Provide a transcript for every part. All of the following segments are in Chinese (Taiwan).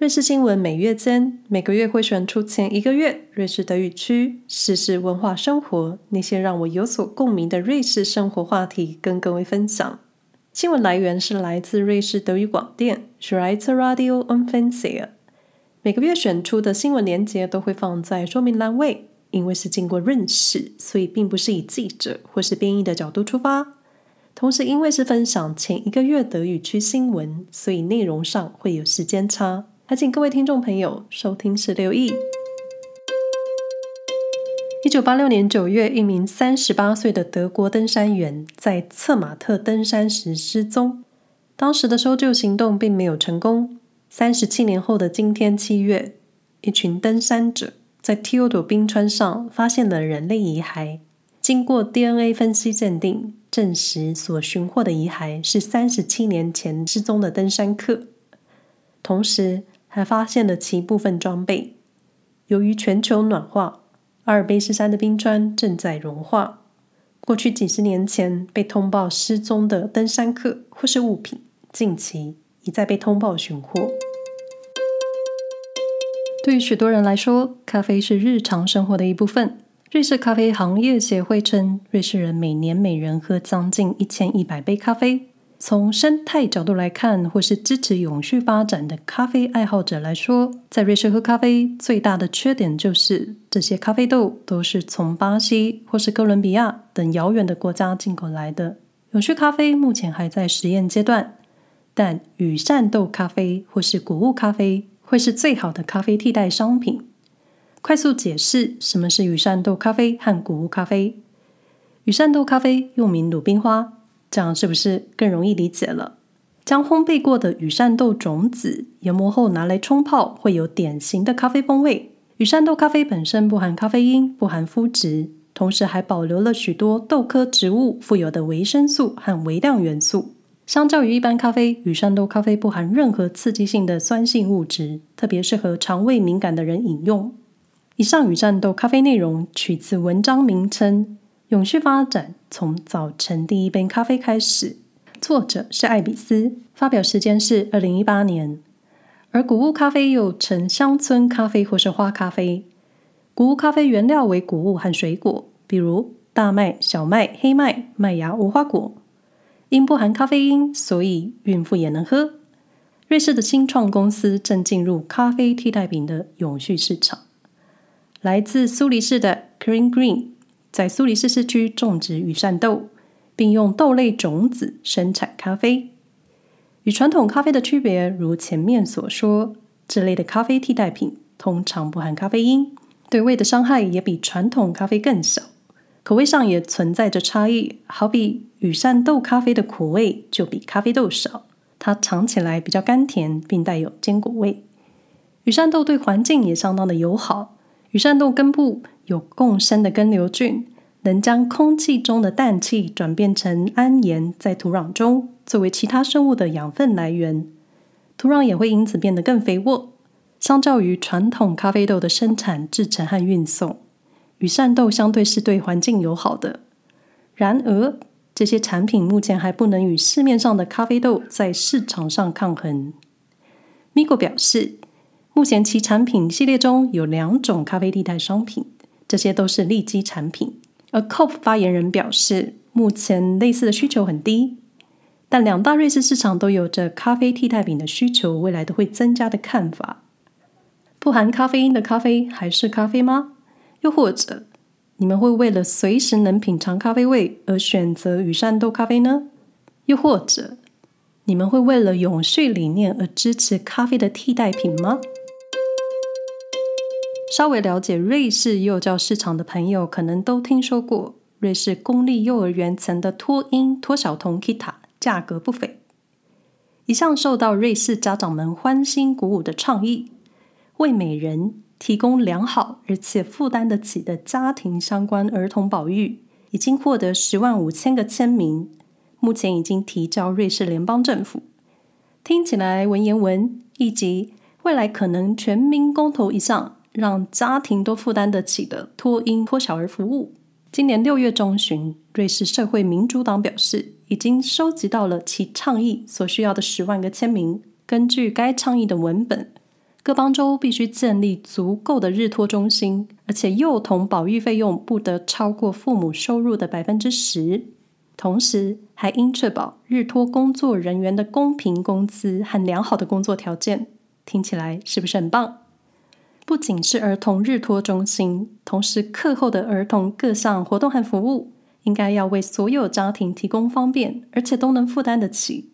瑞士新聞每月間，每個月會選出前一個月瑞士德語區時事、文化、生活，那些讓我有所共鳴的瑞士生活話題，跟各位分享。新聞來源是來自瑞士德語廣電 Schweizer Radio und Fernsehen，每個月選出的新聞鏈接都會放在說明欄位，因為是經過潤飾，所以並不是以記者或是編譯的角度出發。同時，因為是分享前一個月德語區新聞，所以內容上會有時間差。還請各位聽眾朋友收聽十六意。一九八六年九月，一名三十八歲的德國登山員在策馬特登山時失蹤。當時的搜救行動並沒有成功。三十七年後的今天七月，一群登山者在 Tod o 冰川上發現了人類遺骸。經過 DNA 分析鑑定，證實所尋獲的遺骸是三十七年前失蹤的登山客。同時。還發現了其部分裝備。由於全球暖化，阿爾卑斯山的冰川正在融化。過去幾十年前被通報失蹤的登山客或是物品，近期一再被通報尋獲。對於許多人來說，咖啡是日常生活的一部分。瑞士咖啡行業協會稱，瑞士人每年每人喝將近一千一百杯咖啡。從生態角度來看，或是支持永續發展的咖啡愛好者來說，在瑞士喝咖啡最大的缺點就是這些咖啡豆都是從巴西或是哥倫比亞等遙遠的國家進口來的。永續咖啡目前還在實驗階段，但羽扇豆咖啡或是穀物咖啡會是最好的咖啡替代商品。快速解釋什麼是羽扇豆咖啡和穀物咖啡。羽扇豆咖啡又名魯冰花。這樣是不是更容易理解了？將烘焙過的羽扇豆種子研磨後拿來沖泡，會有典型的咖啡風味。羽扇豆咖啡本身不含咖啡因，不含麩質，同時還保留了許多豆科植物富有的維生素和微量元素。相較於一般咖啡，羽扇豆咖啡不含任何刺激性的酸性物質，特別適合腸胃敏感的人飲用。以上羽扇豆咖啡內容取自文章名稱。永續發展從早晨第一杯咖啡開始。作者是艾比斯，發表時間是二零一八年。而谷物咖啡又稱鄉村咖啡或是花咖啡。谷物咖啡原料為谷物和水果，比如大麥、小麥、黑麥、麥芽、無花果。因不含咖啡因，所以孕婦也能喝。瑞士的新創公司正進入咖啡替代品的永續市場。來自蘇黎世的 Clean Green, Green。在蘇黎世市區種植羽扇豆，並用豆類種子生產咖啡。與傳統咖啡的區別，如前面所說，這類的咖啡替代品通常不含咖啡因，對胃的傷害也比傳統咖啡更小。口味上也存在着差異，好比羽扇豆咖啡的苦味就比咖啡豆少，它嚐起來比較甘甜，並帶有堅果味。羽扇豆對環境也相當的友好。羽扇豆根部有共生的根瘤菌，能將空氣中的氮氣轉變成銨鹽，在土壤中作為其他生物的養分來源。土壤也會因此變得更肥沃。相較於傳統咖啡豆的生產、制成和運送，羽扇豆相對是對環境友好的。然而，這些產品目前還不能與市面上的咖啡豆在市場上抗衡。米古表示。目前其產品系列中有兩種咖啡替代商品，這些都是利基產品。而 Coop 發言人表示，目前類似的需求很低，但兩大瑞士市場都有着咖啡替代品的需求，未來都會增加的看法。不含咖啡因的咖啡還是咖啡嗎？又或者你們會為了隨時能品嘗咖啡味而選擇羽扇豆咖啡呢？又或者你們會為了永續理念而支持咖啡的替代品嗎？稍微了解瑞士幼教市場的朋友，可能都聽說過瑞士公立幼兒園層的托嬰托小童 KITA，價格不菲。一項受到瑞士家長們歡欣鼓舞的倡議，為每人提供良好而且負擔得起的家庭相關兒童保育，已經獲得十萬五千個簽名，目前已經提交瑞士聯邦政府。聽起來文言文，以及未來可能全民公投以上。讓家庭都負擔得起的托嬰托小兒服務。今年六月中旬，瑞士社會民主黨表示，已經收集到了其倡議所需要的十萬個簽名。根據該倡議的文本，各邦州必須建立足夠的日托中心，而且幼童保育費用不得超過父母收入的百分之十，同時還應確保日托工作人員的公平工資和良好的工作條件。聽起來是不是很棒？不僅是兒童日托中心，同時課後的兒童各項活動和服務應該要為所有家庭提供方便，而且都能負擔得起。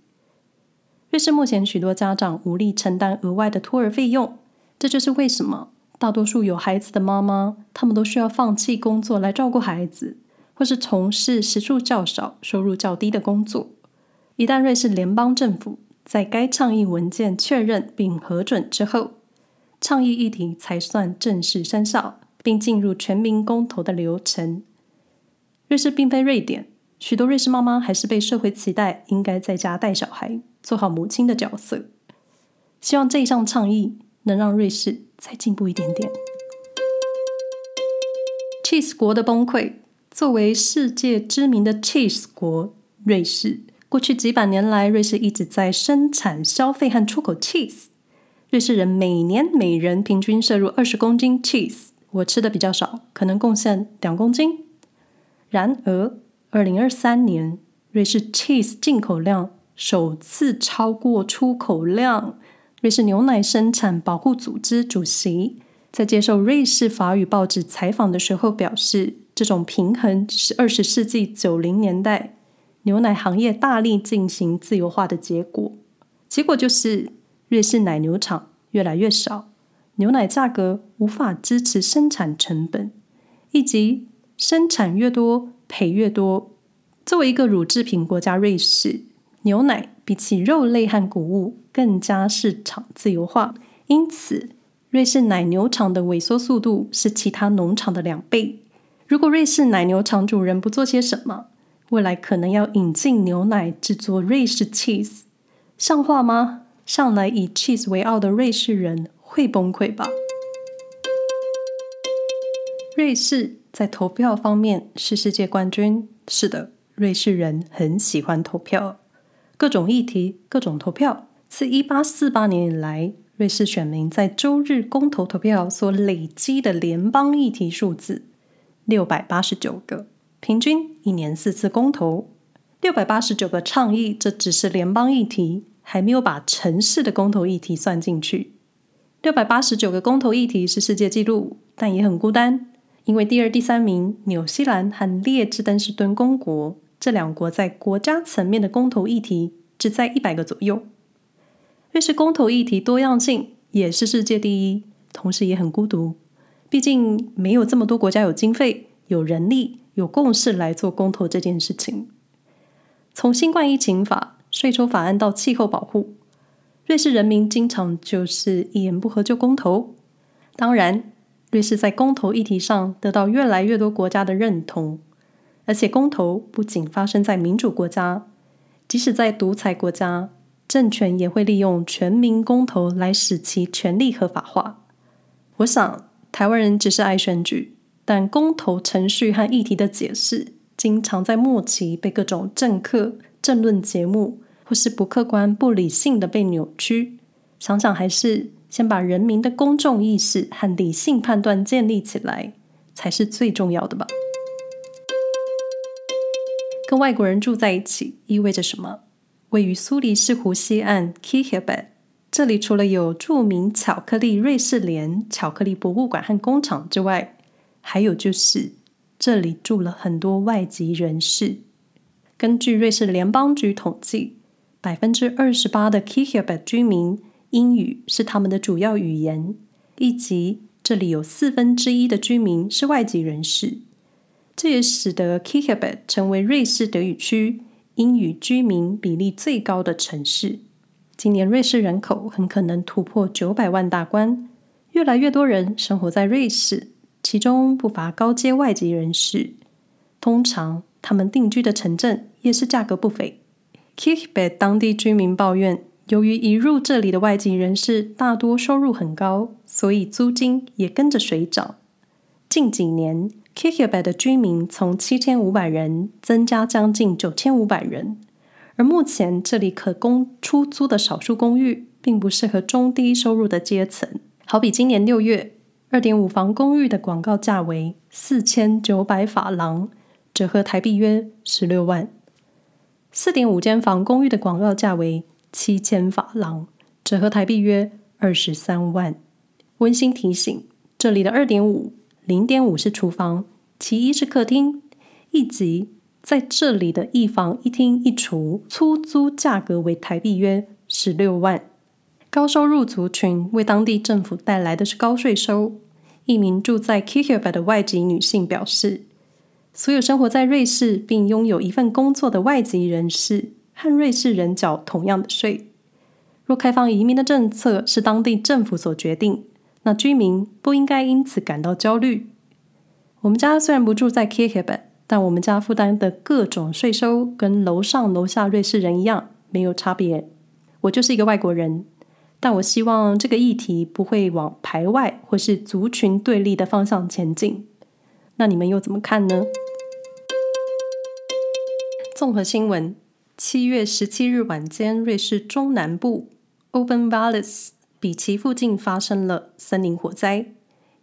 瑞士目前許多家長無力承擔額外的托兒費用，這就是為什麼大多數有孩子的媽媽，她們都需要放棄工作來照顧孩子，或是從事時數較少、收入較低的工作。一旦瑞士聯邦政府在該倡議文件確認並核准之後，倡議議題才算正式生效，並進入全民公投的流程。瑞士並非瑞典，許多瑞士媽媽還是被社會期待應該在家帶小孩，做好母親的角色。希望這一項倡議能讓瑞士再進步一點點。Cheese 國的崩潰，作為世界知名的 Cheese 國，瑞士過去幾百年來，瑞士一直在生產、消費和出口 Cheese。瑞士人每年每人平均攝入二十公斤 cheese，我吃的比較少，可能貢獻兩公斤。然而，二零二三年瑞士 cheese 進口量首次超過出口量。瑞士牛奶生產保護組織主席在接受瑞士法語報紙採訪的時候表示：“這種平衡是二十世紀九零年代牛奶行業大力進行自由化的結果，結果就是。”瑞士奶牛場越來越少，牛奶價格無法支持生產成本，以及生產越多賠越多。作為一個乳制品國家，瑞士牛奶比起肉類和穀物更加市場自由化，因此瑞士奶牛場的萎縮速度是其他農場的兩倍。如果瑞士奶牛場主人不做些什麼，未來可能要引進牛奶制作瑞士 cheese，像話嗎？上來以 cheese 為傲的瑞士人會崩潰吧？瑞士在投票方面是世界冠軍。是的，瑞士人很喜歡投票，各種議題，各種投票。自一八四八年以來，瑞士選民在周日公投投票所累積的聯邦議題數字六百八十九個，平均一年四次公投。六百八十九個倡議，這只是聯邦議題。還沒有把城市的公投議題算進去，六百八十九個公投議題是世界紀錄，但也很孤單，因為第二、第三名——紐西蘭和列支敦士登公國，這兩國在國家層面的公投議題只在一百個左右。瑞士公投議題多樣性也是世界第一，同時也很孤獨，畢竟沒有這麼多國家有經費、有人力、有共識來做公投這件事情。從新冠疫情法，稅收法案到氣候保護，瑞士人民經常就是一言不合就公投。當然，瑞士在公投議題上得到越來越多國家的認同。而且，公投不僅發生在民主國家，即使在獨裁國家，政權也會利用全民公投來使其權力合法化。我想，台灣人只是愛選舉，但公投程序和議題的解釋，經常在末期被各種政客、政論節目。或是不客觀、不理性的被扭曲，想想還是先把人民的公眾意識和理性判斷建立起來才是最重要的吧。跟外國人住在一起意味着什麼？位於蘇黎世湖西岸 Kilchberg，這裡除了有著名巧克力瑞士蓮巧克力博物館和工廠之外，還有就是這裡住了很多外籍人士。根據瑞士聯邦局統計。百分之二十八的 Kehl 居民英語是他們的主要語言，以及這裡有四分之一的居民是外籍人士，這也使得 Kehl 成為瑞士德語區英語居民比例最高的城市。今年瑞士人口很可能突破九百萬大關，越來越多人生活在瑞士，其中不乏高階外籍人士，通常他們定居的城鎮也是價格不菲。Kibebé 當地居民抱怨，由於移入這裡的外籍人士大多收入很高，所以租金也跟着水漲。近幾年，Kibebé 的居民從七千五百人增加將近九千五百人，而目前這裡可供出租的少數公寓並不適合中低收入的階層。好比今年六月，二點五房公寓的廣告價為四千九百法郎，折合台幣約十六萬。四點五間房公寓的廣告價為七千法郎，折合台幣約二十三萬。溫馨提醒：這裡的二點五、零點五是廚房，其一是客廳。以及在這裡的一房一廳一廚，出租價格為台幣約十六萬。高收入族群為當地政府帶來的是高稅收。一名住在 Kiev 的外籍女性表示。所有生活在瑞士並擁有一份工作的外籍人士和瑞士人繳同樣的稅。若開放移民的政策是當地政府所決定，那居民不應該因此感到焦慮。我們家雖然不住在 Keeble，但我們家負擔的各種稅收跟樓上樓下瑞士人一樣沒有差別。我就是一個外國人，但我希望這個議題不會往排外或是族群對立的方向前進。那你們又怎麼看呢？綜合新聞：七月十七日晚間，瑞士中南部 Oberwallis 比奇附近發生了森林火災，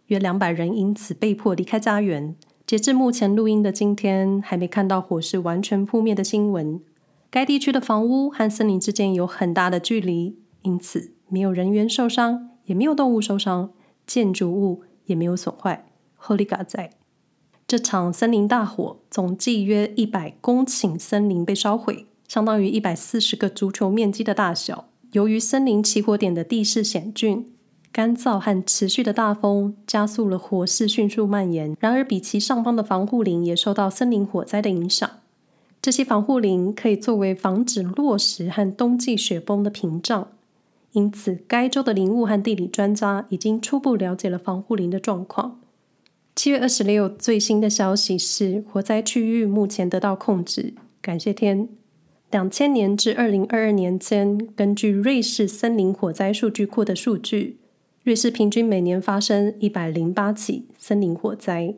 約兩百人因此被迫離開家園。截至目前錄音的今天，還沒看到火勢完全撲滅的新聞。該地區的房屋和森林之間有很大的距離，因此沒有人員受傷，也沒有動物受傷，建築物也沒有損壞。Holika 在。這場森林大火總計約一百公頃森林被燒毀，相當於一百四十個足球面積的大小。由於森林起火點的地勢險峻、乾燥和持續的大風，加速了火勢迅速蔓延。然而，比其上方的防護林也受到森林火災的影響。這些防護林可以作為防止落石和冬季雪崩的屏障，因此該州的林務和地理專家已經初步了解了防護林的狀況。七月二十六，最新的消息是火災區域目前得到控制，感謝天。兩千年至二零二二年間，根據瑞士森林火災數據庫的數據，瑞士平均每年發生一百零八起森林火災，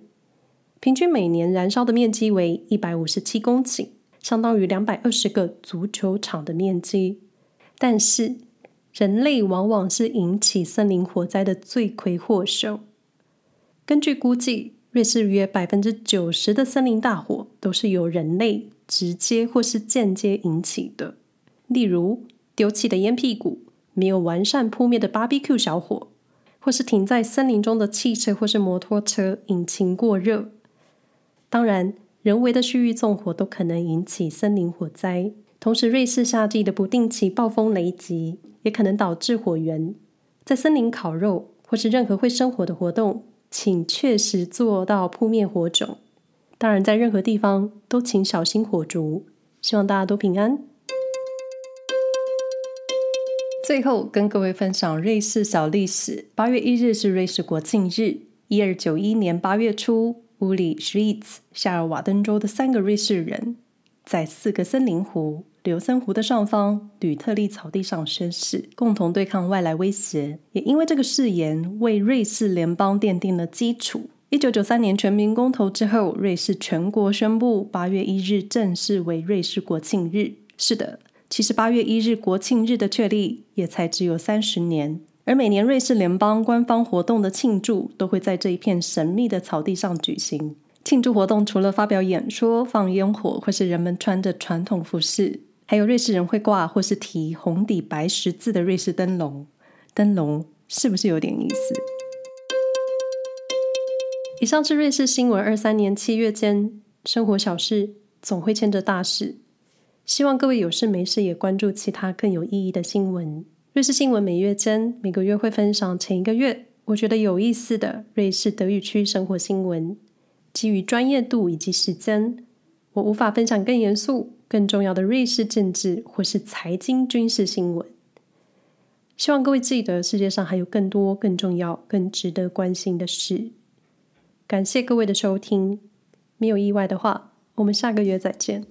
平均每年燃燒的面積為一百五十七公頃，相當於兩百二十個足球場的面積。但是，人類往往是引起森林火災的罪魁禍首。根據估計，瑞士約百分之九十的森林大火都是由人類直接或是間接引起的，例如丟棄的煙屁股、沒有完善撲滅的 BBQ 小火，或是停在森林中的汽車或是摩托車引擎過熱。當然，人為的蓄意縱火都可能引起森林火災。同時，瑞士夏季的不定期暴風雷擊也可能導致火源。在森林烤肉或是任何會生火的活動。請確實做到撲滅火種，當然在任何地方都請小心火燭。希望大家都平安。最後跟各位分享瑞士小歷史：八月一日是瑞士國慶日。一二九一年八月初，烏里、施維茨、夏爾瓦登州的三個瑞士人在四個森林湖。琉森湖的上方，呂特利草地上宣誓，共同對抗外來威脅。也因為這個誓言，為瑞士聯邦奠定了基礎。一九九三年全民公投之後，瑞士全國宣布八月一日正式為瑞士國慶日。是的，其實八月一日國慶日的確立也才只有三十年。而每年瑞士聯邦官方活動的慶祝，都會在這一片神秘的草地上舉行。慶祝活動除了發表演說、放煙火，或是人們穿着傳統服飾。還有瑞士人會掛或是提紅底白十字的瑞士燈籠，燈籠是不是有點意思？以上是瑞士新聞二三年七月間生活小事，總會牽着大事。希望各位有事沒事也關注其他更有意義的新聞。瑞士新聞每月間每個月會分享前一個月我覺得有意思的瑞士德語區生活新聞，基於專業度以及時間我無法分享更嚴肅、更重要的瑞士政治或是財經、軍事新聞。希望各位記得，世界上還有更多、更重要、更值得關心的事。感謝各位的收聽。沒有意外的話，我們下個月再見。